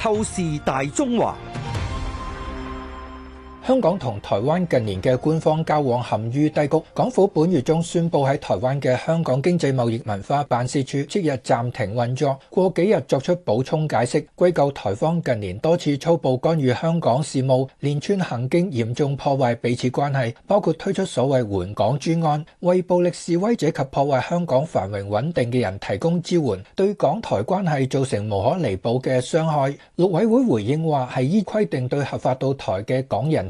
透視大中華。香港同台灣近年嘅官方交往陷於低谷，港府本月中宣布喺台灣嘅香港經濟貿易文化辦事處即日暫停運作，過幾日作出補充解釋，歸咎台方近年多次粗暴干預香港事務，連串行徑嚴重破壞彼此關係，包括推出所謂援港專案，為暴力示威者及破壞香港繁榮穩定嘅人提供支援，對港台關係造成無可彌補嘅傷害。陸委會回應話係依規定對合法到台嘅港人，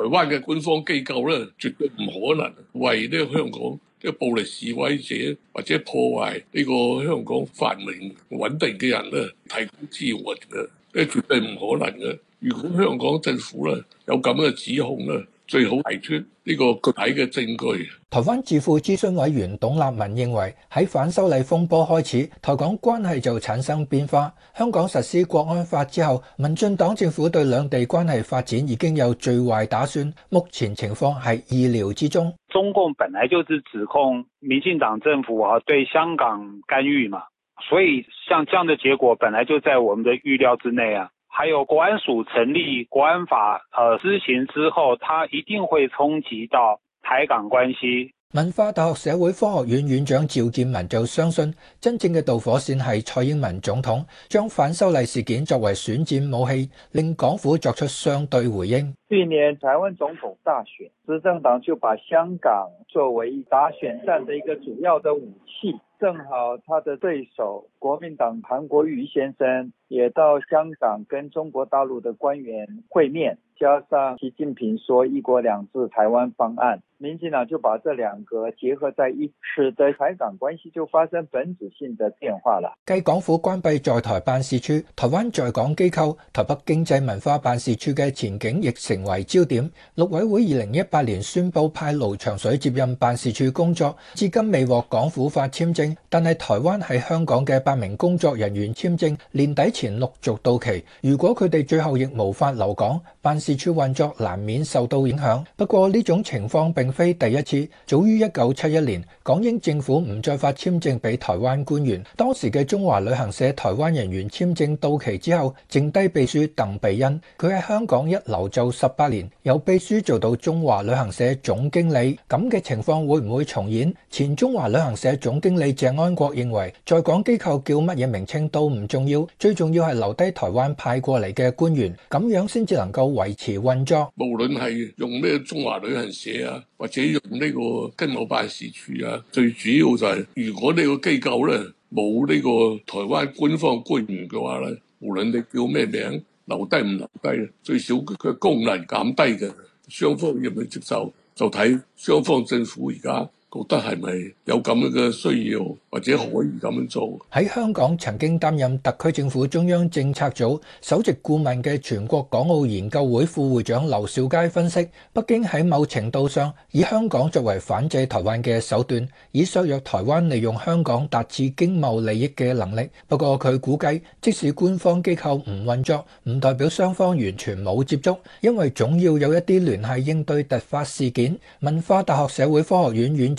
台灣嘅官方機構咧，絕對唔可能為呢個香港暴力示威者或者破壞呢個香港繁榮穩定嘅人咧提供支援嘅，呢絕對唔可能嘅。如果香港政府咧有咁嘅指控咧，最好提出呢個具體嘅證據。台灣智庫諮詢委員董立文認為，喺反修例風波開始，台港關係就產生變化。香港實施國安法之後，民進黨政府對兩地關係發展已經有最壞打算。目前情況係意料之中。中共本來就是指控民進黨政府啊對香港干預嘛，所以像這樣的結果，本來就在我們的預料之內啊。還有國安署成立、國安法呃、施行之後，他一定會衝擊到台港關係。文化大學社會科學院院長趙建民就相信，真正嘅導火線係蔡英文總統將反修例事件作為選戰武器，令港府作出相對回應。去年台灣總統大選，執政黨就把香港作為打選戰的一個主要的武器，正好他的對手國民黨韓國瑜先生。也到香港跟中國大陸的官員會面，加上習近平說一國兩制台灣方案，民進黨就把這兩個結合在一起，使得台港關係就發生本質性的變化了。繼港府關閉在台辦事處台灣在港機構台北經濟文化辦事處嘅前景亦成為焦點，陸委會二零一八年宣布派盧長水接任辦事處工作，至今未獲港府發簽證，但係台灣喺香港嘅八名工作人員簽證年底前。前陸續到期，如果佢哋最後亦無法留港，辦事處運作難免受到影響。不過呢種情況並非第一次，早於一九七一年，港英政府唔再發簽證俾台灣官員。當時嘅中華旅行社台灣人員簽證到期之後，剩低秘書鄧備恩，佢喺香港一留就十八年，由秘書做到中華旅行社總經理。咁嘅情況會唔會重演？前中華旅行社總經理鄭安國認為，在港機構叫乜嘢名稱都唔重要，最重要係留低台灣派過嚟嘅官員，咁樣先至能夠維持運作。無論係用咩中華旅行社啊，或者用呢個經貿辦事處啊，最主要就係如果呢個機構咧冇呢個台灣官方官員嘅話咧，無論你叫咩名，留低唔留低，最少佢功能減低嘅，雙方要唔要接受，就睇雙方政府而家。覺得係咪有咁樣嘅需要，或者可以咁樣做？喺香港曾經擔任特區政府中央政策組首席顧問嘅全國港澳研究會副會長劉兆佳分析，北京喺某程度上以香港作為反制台灣嘅手段，以削弱台灣利用香港達至經貿利益嘅能力。不過佢估計，即使官方機構唔運作，唔代表雙方完全冇接觸，因為總要有一啲聯繫應對突發事件。文化大學社會科學院院，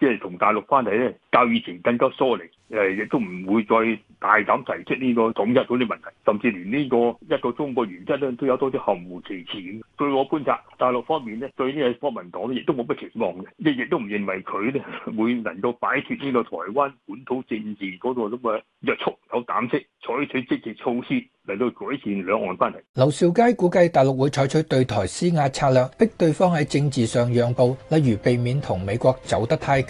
即係同大陸關係咧，較以前更加疏離，誒亦都唔會再大膽提出呢個統一嗰啲問題，甚至連呢個一個中國原則咧都有多啲含糊其辭。據我觀察，大陸方面咧對呢個國民黨亦都冇乜期望嘅，亦亦都唔認為佢咧會能夠擺脫呢個台灣本土政治嗰個咁嘅約束，有膽識採取積極措施嚟到改善兩岸關係。劉兆佳估計大陸會採取對台施壓策略，逼對方喺政治上讓步，例如避免同美國走得太近。